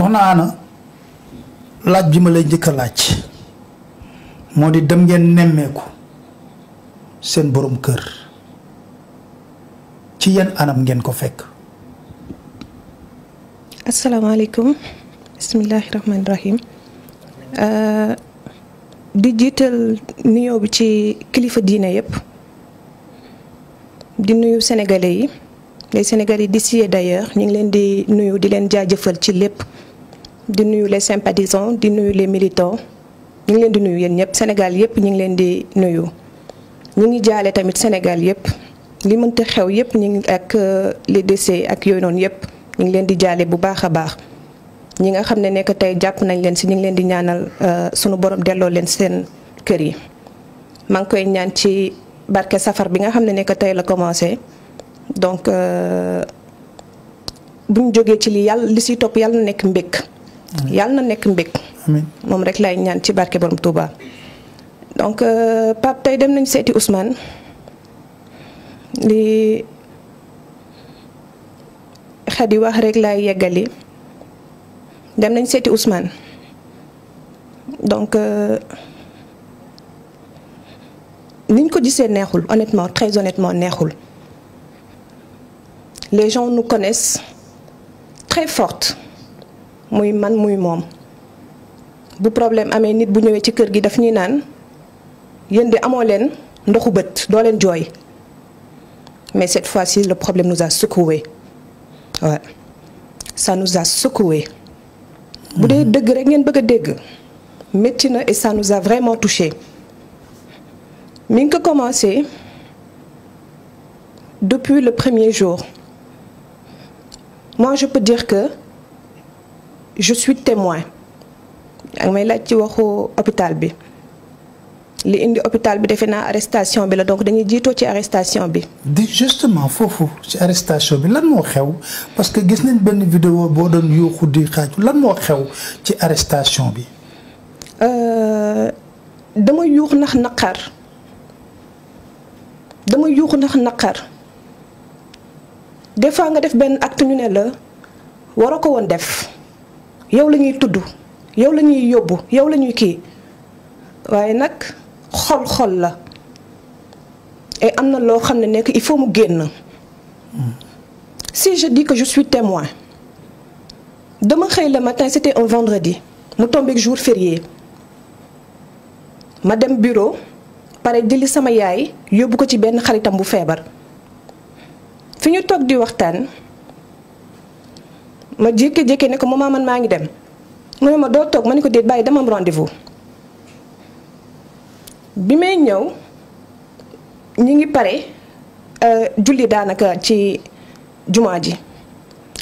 soxna ana laaj bi ma lay jëk laaj modi di dem ngeen nemmeeku seen borom kër ci yeen anam ngeen ko fekk asalaamaaleykum bismillahi rahmani rahim euh, di jiital nuyo bi ci kilifa diine yépp di nuyu sénégalais yi les sénégalais d'ici et d'ailleurs ñing leen di nuyu di leen jaajeufal ci lépp di nuyu les sympathisants di nuyu les militants ñu ngi leen di nuyu yéen ñëpp senegal yëpp ñu ngi leen di nuyu. ñu ngi jaale tamit senegal yëpp li mënta xew yëpp ñu ngi ak euh, les décès ak yooyu noonu yëpp ñu ngi leen di jaale bu baax a baax. ñi nga xam ne nekk tey jàpp nañ leen si ñu ngi leen di ñaanal euh, sunu borom delloo leen seen kër yi maa ngi koy ñaan ci barke safar bi nga xam ne nekk tey la commencé donc euh, bu ñu jógee ci li yàlla li siy topp yàlla na nekk mbékk yàlla na nekk mbég mom rek lay ñaan ci barke borom Touba. donc euh, Pape tay dem nañ séti Ousmane li Xadi wax rek lay yegali dem nañ séti Ousmane donc euh, niñ ko gisee neexul honnêtement très honnêtement neexul les gens nous connaissent très fortes muy man muy mom bu problème amé nit bu ñëwé ci kër gi daf ñuy naan yéen de amoo leen ndoxu bëtt do len joy mais cette fois-ci le problème nous a secoué Ouais. ça nous a secoué bu dé mhm. deug rek ngeen bëgg dégg metti na et ça nous a vraiment touché ming ko commencé depuis le premier jour moi je peux dire que je suis témoin je suis hôpital bi hôpital bi fait arrestation donc dañuy arrestation justement c'est ci arrestation parce que avez vu une vidéo boo doon une di xaaju lan moo xew arrestation bi. dama nakar dama des fois nga def un acte ñu ne la un yow lañuy tudd yow lañuy ñuy yóbbu yow lañuy ñuy kii waaye nag xol-xol la et am na loo xam ne nekk il faut mu génn si je dis que je suis témoin dama xëy le matin c'était un vendredi mu tombeek jour férié ma dem bureau pare dili sama yaay yóbbu ko ci benn xaritam bu feebar fi ñu toog di waxtaan ma jékki-jékki ne ko maman man maa ngi dem mu ne ma doo toog ma ne ko déet bàyyi dama am bi may ñëw ñu ngi pare euh, julli daanaka ci jumaa ji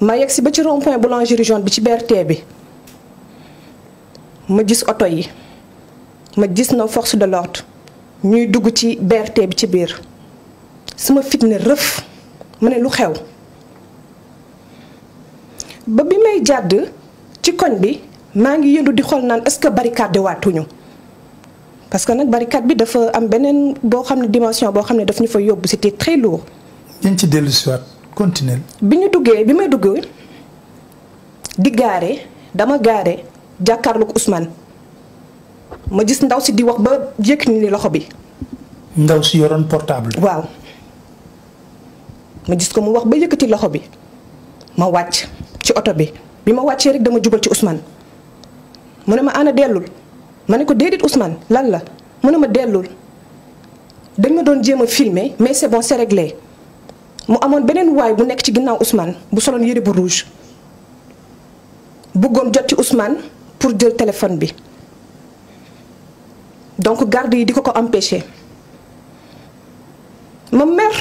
ma yegg si ba ci rond-point boulangerie bi ci BRT bi ma gis oto yi ma gis na force de l'ordre ñuy dugg ci BRT bi ci biir suma fit ne rëf ma ne lu xew ba bi may jàdd ci koñ bi maa ngi yëndu di xool naan est-ce que barricade waatuñu parce que nag barricade bi dafa am beneen boo xam ne dimension boo xam ne daf ñu fa yóbbu c'était très lourd. dañ ci dellu si waat continuer. bi ñu duggee bi may duggee di gaare dama gaare jàkkaarlu ko ma gis ndaw si di wax ba yëkk loxo bi. ndaw si yoroon portable. waaw ma gis ko mu wax ba yëkkati loxo bi ma wàcc. ci oto bi bi ma wàccee rek dama jubal ci Ousmane mu ne ma ana dellul ma ne ko déedéet Ousmane lan la mu ne ma dellul dañ ma doon jéem a filmer mais c'est bon c'est mu amoon beneen waay bu nekk ci ginnaaw Ousmane bu soloon yére bu rouge bëggoon jot ci Ousmane pour jël téléphone bi donc garde yi di ko ko empêché ma mer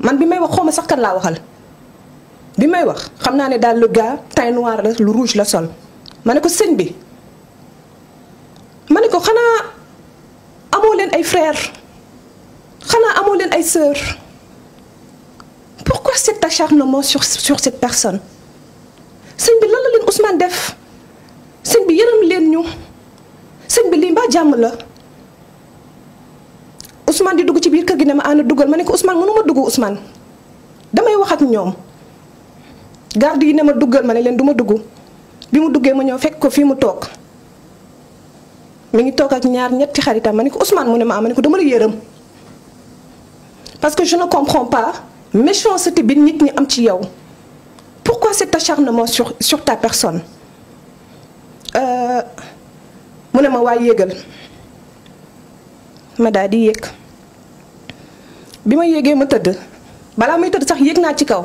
man bi may wax xaw ma sax kan laa waxal. Ce que wax je ne le gars teint noir la rouge sol Je ko bi ko Je ay frères xanaa amoo pas sœurs pourquoi cet acharnement sur sur cette personne sëñ bi lan la Ousmane def sëñ bi yërëm ñu bi la Ousmane di dugg ci biir ma je Ousmane garde yi ne ma duggal ma ne leen du ma dugg bi mu duggee ma ñëw fekk ko fii mu toog mu ngi toog ak ñaar ñetti xaritam ma ne ko Ousmane mu ne ma am ma ne ko dama la yërëm parce que je ne comprends pas méchanceté bi nit ñi am ci yow pourquoi cet acharnement sur sur ta personne euh, mu ne ma waay yéegal ma daal di yéeg bi ma yëgee ma tëdd balaa may tëdd sax yéeg naa ci kaw.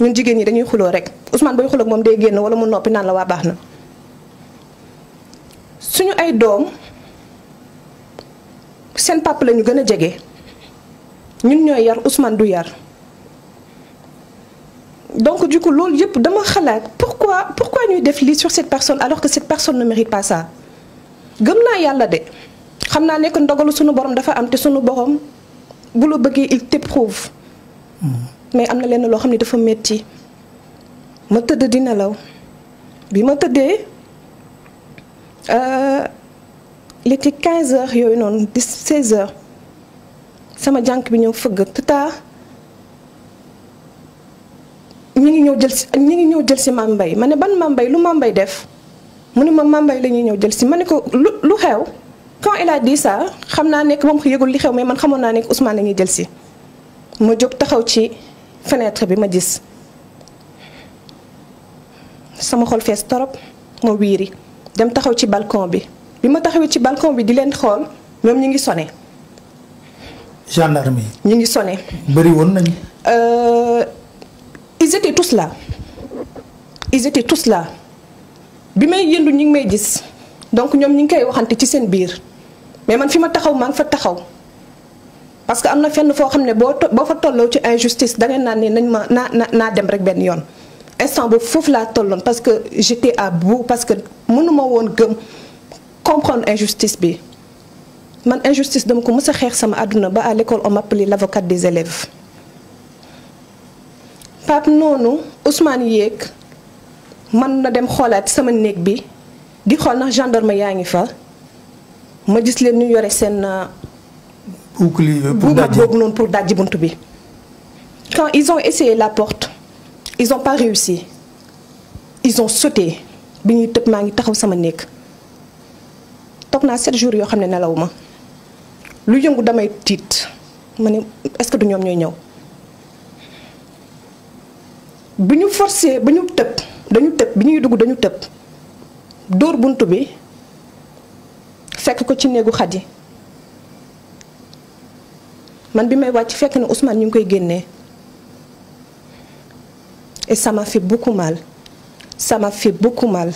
ñun jigéen ñi dañuy xuloo rek Ousmane booy ak moom day génn wala mu noppi naan la waa baax na suñu ay doom seen papa la ñu gën a jege ñun ñooy yar Ousmane du yar donc du coup loolu yëpp dama xalaat pourquoi pourquoi ñuy def lii sur cette personne alors que cette personne ne mérite pas ça gëm naa yàlla de xam naa nekk ndogalu suñu borom dafa am te suñu borom bu lu bëggee il t'éprouve hmm mais amna lenn dafa metti ma teud dina law bi ma euh, Il était 15 heures 16 heures sama jank bi tata ngi jël Je jël ci mambay mané ban mambay lu def ma mambay lañu la jël ko lu quand il a dit ça xamna nek mom je suis li xew mais man Ousmane la jël ma fenêtre bi ma gis sama xol fess torop mo wiri dem taxaw ci balcon bi bi ma taxawee ci balcon bi di len xol ñom ñi ngi sone gendarme ñi ñu ngi sone won nañ euh ils étaient tous là ils étaient tous là bi may yëndu ñi ngi may gis donc ñom ñi ngi kay waxante ci seen biir mais man fi ma taxaw ma nga fa taxaw parce que amna fenn fo xamné bo boo fa tolloo ci injustice da ngay nane na nañ ma na dem rek ben yoon instant bo fouf la tollone parce que j'étais à bout parce que mënuma won gëm comprendre injustice bi man injustice dama ko mës a sama aduna ba à l'école on m'appelait l'avocate des élèves Pape noonu Ousmane Yek. man na dem xolat sama néeg bi di xol na gendarme yaangi fa ma gis leen ñu yore seen euh, euh, pour pour quand ils ont essayé la porte ils n'ont pas réussi ils ont sauté Ils ont ngi taxaw sama jours lu est-ce que nous sommes ñooy Si nous sommes forcé si nous sommes dañu si nous sommes dañu nous sommes bi man bi may que fekk na Ousmane ñu ngi koy et ça m'a fait beaucoup mal ça m'a fait beaucoup mal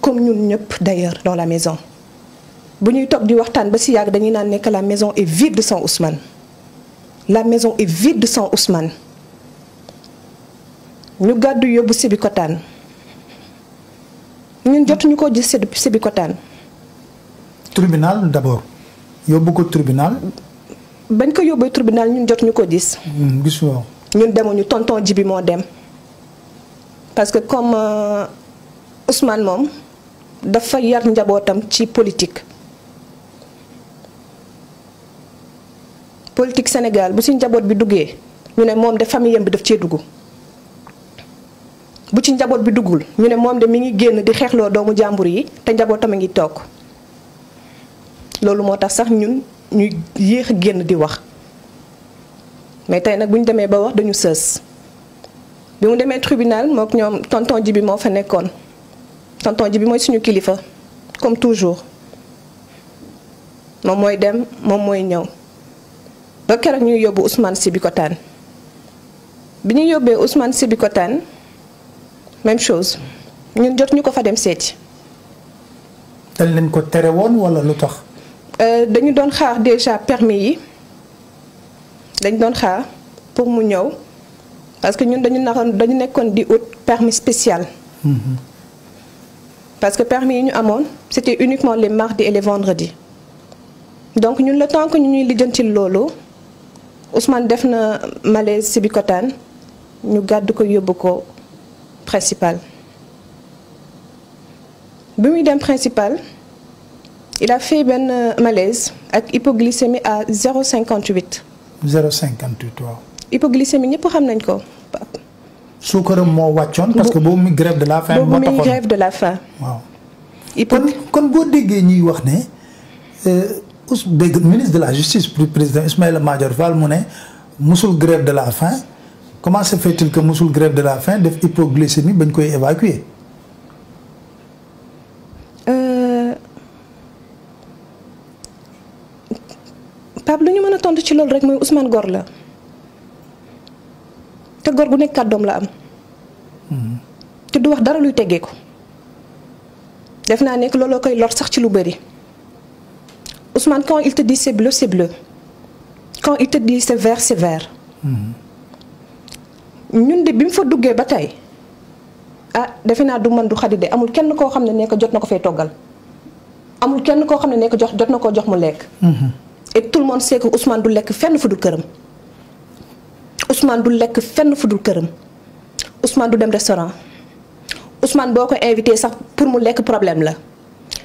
comme ñun ñëpp d'ailleurs dans la maison bu ñuy top di waxtaan ba si yag dañuy naan que la maison est vide sans Ousmane la maison est vide sans Ousmane ñu gàddu Nous Sébikotane ñun jotuñu koo jël Sébikotane tribunal d'abord yóbbu ko tribunal bañ ko yóbbee tribunal ñun jot ñuko gis. Hmm, gis wa ñun tonton ji bi dem parce que comme euh, Ousmane mom dafa yar njabotam ci politique. politique Sénégal bu ci njabot bi duggé ñu né mom de famille bi daf ci duggu bu ci njabot bi duggul ñu né mom de mi ngi génn di xeexloo doomu jambour yi té njabotam ngi tok lolu motax sax ñun. ñu yéex a génn di wax mais tey nag bu ñu demee ba wax dañu sës bi mu demee tribunal mook ñoom tonton ji bi moo fa nekkoon tonton ji bi mooy suñu kilifa comme toujours moom mooy dem moom mooy ñëw ba keroog ñuy yóbbu Ousmane Sibikotaan bi ñu yóbbee Ousmane Sibikotaan même chose ñun jot ñu ko fa dem seeti. dañ leen ko tere woon wala lu tax. Euh, dañu doon xaar déjà permis yi dañu doon xaar pour mu parce que ñun dañu naroon dañu nekkoon di ut permis spécial. Mhm. parce que permis ñu c'était uniquement les mardis et les vendredis donc ñun le temps que ñu ñuy lijjanti loolu Ousmane def na malaise Sébikotane ñu gàdd ko yóbbu ko principal bi muy dem principal il a fait un ben, euh, malaise avec hypoglycémie à 0,58. 0,58 toi. hypoglycémie pas. xam nañ ko. Sucre mo parce que bon grève de la faim. Bon grève de la faim. waaw. hypo kon kon boo euh, ministre de la justice plus président Ismaël Major Fall mu musul grève de la faim comment se fait-il que musul grève de la faim de hypoglycémie ben koy évacuer. Pape lu ñu mën a tontu ci loolu rek mooy Ousmane gor la te gor gu nekk kàddoom la am. Hmm. te du wax dara luy teggee ko def naa nekk looloo koy lor sax ci lu bari Ousmane quand it te dit c'est bleu c'est bleu hmm. ñun de bi mu fa duggee ba tey ah defe naa du man du xadi de amul kenn koo xam ne ne jot na ko fee toggal amul kenn koo xam ne ne ko jox jot na koo jox mu lekk. Hmm. et tout le monde sait que Ousmane du lekk fenn fu dul këram Ousmane du lekk fenn fu dul këram Ousmane du dem restaurant Ousmane boo ko invité sax pour mu lekk problème la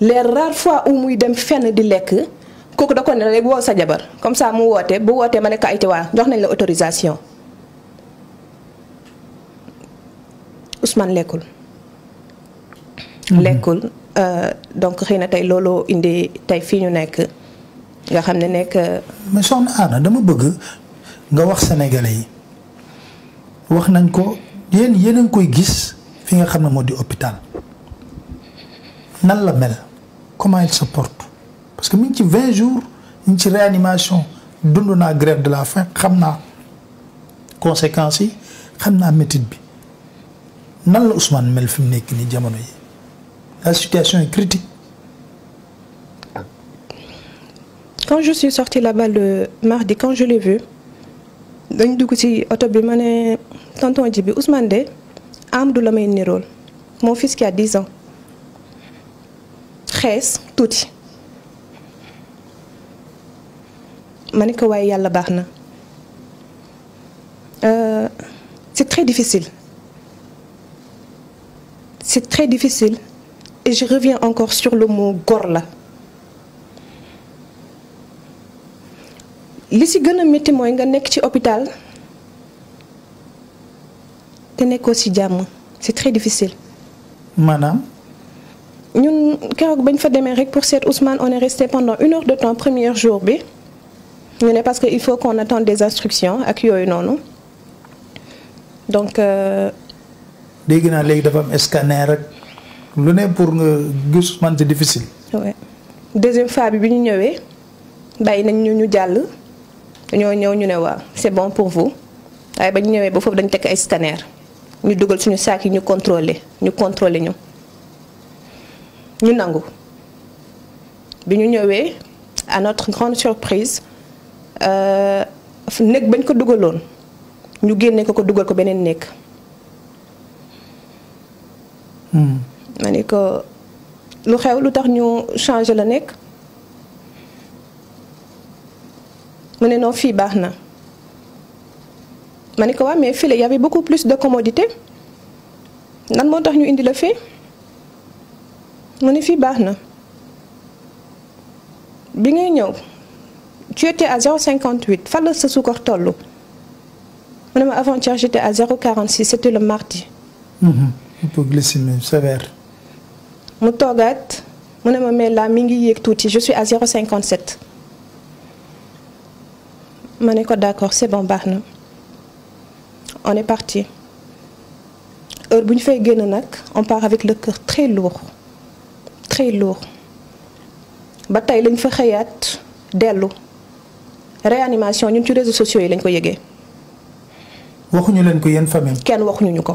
les rares fois où muy dem fenn di lekk kooku da ko ne rek woo sa jabar comme ça mu woote bu wootee ma ne ko ayte waa jox nañ la autorisation Ousmane lekkul. Mm-hmm. lekkul euh, donc xëy na tey looloo indi tey fii ñu nekk nga xamné nek nekk. mais soxna Anna dama bëgg nga wax sénégalais yi wax nañ ko yeen yeen a ngi koy gis fi nga xam modi hôpital nan la mel comment il se porte parce que mi ci 20 jours mi ci réanimation dund naa grève de la faim xamna conséquences yi xam naa bi nan la Ousmane mel fi nek ni nii jamono yi la situation est critique quand je suis sortie là-bas le mardi quand je l'ai vu dañ dugg ci bi ma ne tonton Djibi Ousmane de Amadou mon fils qui a 10 ans 13, tout, Je ne ko à la euh, c'est très difficile c'est très difficile et je reviens encore sur le mot gorla ». li si gën a métti mooy nga nekk ci hôpital te nekkoo si jàmm c'est très difficile. maanaam. ñun keroog bañ fa demee rek pour seet Ousmane on est resté pendant une heure de temps premier jour bi ñu ne parce que il faut qu'on attende des instructions ak yooyu noonu donc. Euh, dégg naa léegi dafa am scanner rek lu ne pour nga gis Ousmane c'est difficile. Ouais, deuxième fois bi bi ñu ñëwee bàyyi nañ ñu ñu jàll dañoo ñëw ñu ne waa c'est bon pour vous waaye ba ñu ñëwee ba foofu dañu tekk ay scanner ñu dugal suñu saak yi ñu contrôler ñu contrôler ñu ñu nangu bi ñu ñëwee à notre grande surprise euh, néeg bañ ko dugaloon ñu génne ko ko dugal ko beneen néeg hmm. ma ne ko lu xew lu tax ñu changer la nekk mu ne non fii baax na ko mais filé il y avait beaucoup plus de commodité nan mo tax ñu indi la fii mu fi baxna bi ngay ñew tu étais à 0,58 fan se sa suukar toll avant-hier j'étais à 0,46 c'était le mardi. hypoglycémie mhm. sévère. mu toogaat mu ne ma mais la mi ngi touti. je suis à 0,57. Maniko, ko d'accord c'est bon baax on est parti heure buñ fay guen nak on part avec le cœur très lourd très lourd ba tay lañ fa xeyat delu réanimation ñun ci réseaux sociaux yi lañ ko yëgee. waxuñu leen ko yeen famille. kenn waxuñu ñu ko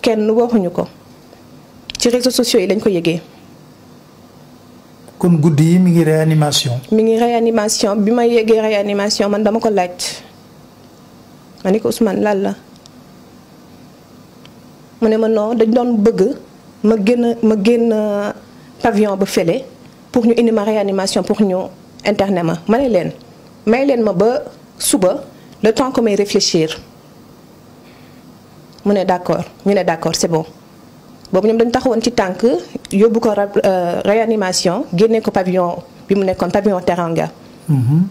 kenn waxuñu ko ci réseaux sociaux yi lañ ko yégué kon guddi yi mi ngi réanimation. mi ngi réanimation bi ma réanimation man dama ko laaj ne la ma non dañ bëgg ma ma pavillon ba pour ñu indi ma réanimation pour ñu interner ma ma ne leen suba le temps que may réfléchir mu d'accord ñu ne d'accord c'est bon boobu ñoom dañu taxawoon ci tank yóbbu ko euh, réanimation guéné ko pavillon bi mu nekkoon pavillon Teranga. Mhm.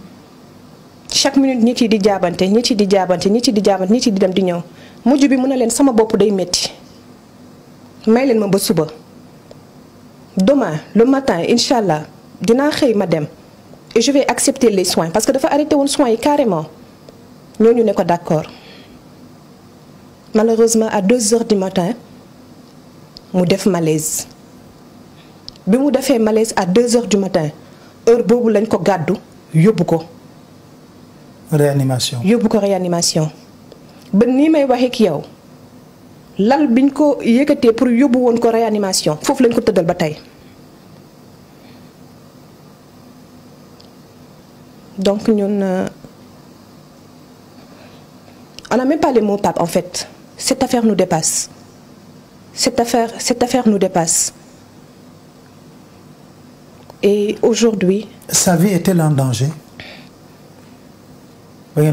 chaque minute ñi ci di jaabante ñi ci di jaabante ñi ci di jaabante ñi ci di dem di ñew mujju bi mu ne leen sama bopp day metti may leen ma ba suba. demain le matin inshallah dina xey ma dem et je vais accepter les soins parce que dafa arrêté won soins yi carrément ñu ne ko d'accord malheureusement à 2h du matin mu def malaise bi mu malaise à 2 heures du matin heure bobu lañ ko gaddu yobou ko. réanimation yobou ko réanimation. ba ni may yow lal biñ ko pour yobu won ko réanimation lañ donc euh, on n'a même pas les mots en fait cette affaire nous dépasse cette affaire, cette affaire nous dépasse. Et aujourd'hui... Sa vie était elle en danger Parce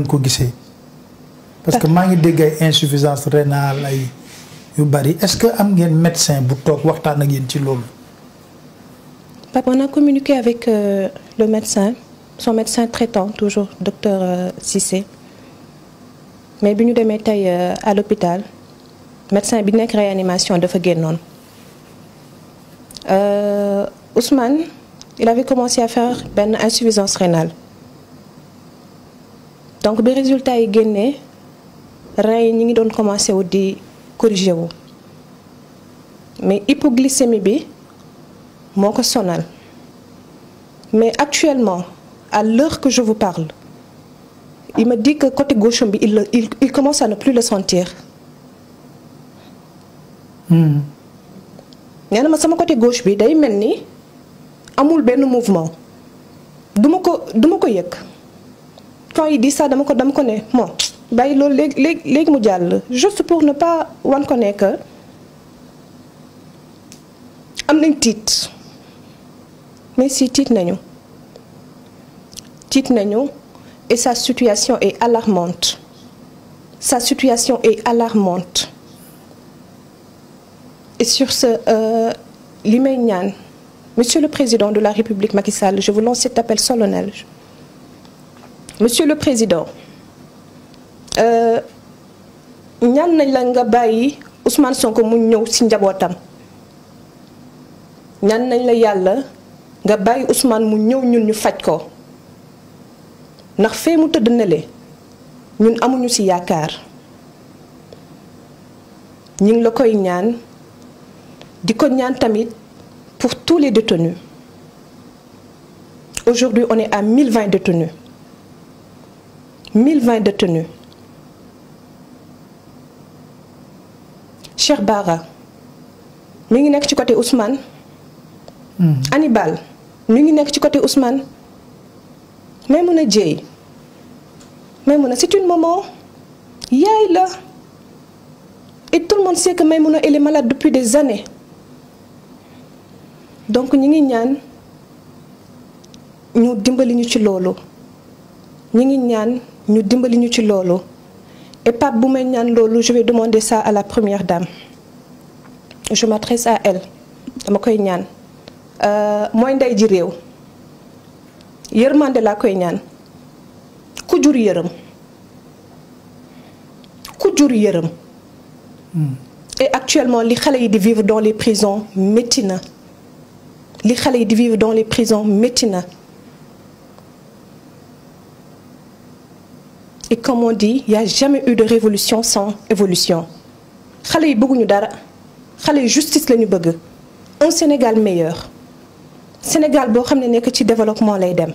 que je ah. des insuffisance rénale. Est-ce que y a un médecin pour vous parler de Papa, on a communiqué avec euh, le médecin, son médecin traitant, toujours, docteur Sissé. Euh, Mais nous sommes euh, à l'hôpital médecin bi nek réanimation euh, Ousmane il avait commencé à faire une insuffisance rénale donc les résultat yi génnee rein yi ont commencé à di corriger wu mais hypoglycémie bi moko sonal mais actuellement à l'heure que je vous parle il me dit que côté gauche il commence à ne plus le sentir. Hmm. nee na ma sama côté gauche bi day mel ni amul benn mouvement du ma ko du ma ko yëg quand il dit ça dama ko dama ko ne bon bàyyi loolu léegi léegi léegi mu jàll juste pour ne pas wan ko ne que am nañ tiit mais si tit nañu Tit nañu et sa situation est alarmante sa situation est alarmante sur ce, euh, Monsieur le Président de la République Macky Sall je vous lance cet appel solennel Monsieur le Président euh, ñaan nañ bayi nga Ousmane Sonko mu ñëw ci njabootam yalla, nañ la yàlla nga bàyyi Ousmane mu ñëw ñun ñu faj ko ndax fee mu nele ñun amuñu du tamit pour tous les détenus aujourd'hui on est à 1020 détenus 1020 détenus Cher Bara mi ngi ci côté Ousmane hmm. Hannibal mi ngi côté Ousmane Maimouna Jay. Maimouna c'est une maman est là. et tout le monde sait que Maimouna elle est malade depuis des années donc ñi nous ñaan ñu dimbali ñu ci ñi ñaan ñu dimbali ci et pas bu may ñaan je vais demander ça à la première dame je m'adresse à elle dama koy ñaan euh, moy nday ji rew koy ñaan ku jur ku jur hmm. et actuellement les xalé yi dans les prisons métti les Khalid vivent dans les prisons metina. et comme on dit il n'y a jamais eu de révolution sans évolution xale yi bëgguñu dara xale justice la justice. un Sénégal meilleur Sénégal bo xamné nek ci développement lay dem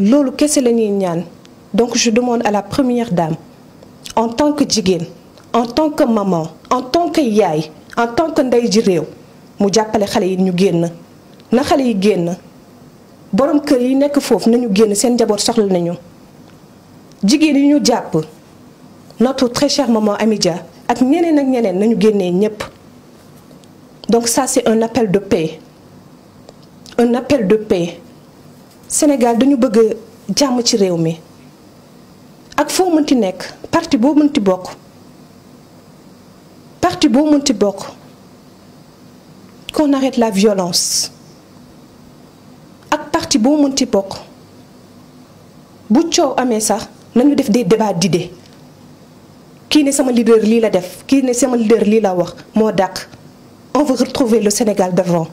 Lolu kessé lañuy ñaan donc je demande à la première dame en tant que jigéen en tant que maman en tant que yaay en tant que ndey mu jappalé xalé yi ñu génn na xalé yi génn borom kër yi nekk foofu nañu génn seen njaboot soxla nañu jigéen yi ñu jàpp notre très cher maman Amidia ak ñeneen ak ñeneen nañu génnee ñëpp donc ça c'est un appel de paix un appel de paix Sénégal dañu bëgg jàmm ci réew mi ak foo mënti nekk parti boo mënti bokk parti boo mënti bokk qu'on arrête la violence ak parti de mon ci Nous bu ciow amé sax nañu def des débats d'idées Qui ne sama leader la leader la on veut retrouver le Sénégal d'avant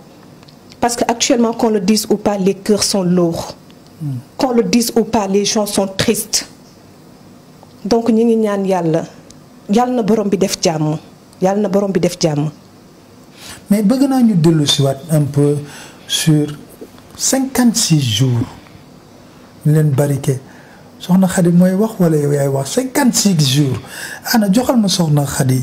parce que actuellement qu'on le dise ou pas les cœurs sont lourds hmm. qu'on le dise ou pas les gens sont tristes donc nous ngi ñaan na borom mais bëgg naa ñu dellu si waat un peu sur cinquante six jours ñu leen barricade soxna Xadi mooy wax wala yaay wax cinquante six jours ana joxal ma soxna Xadi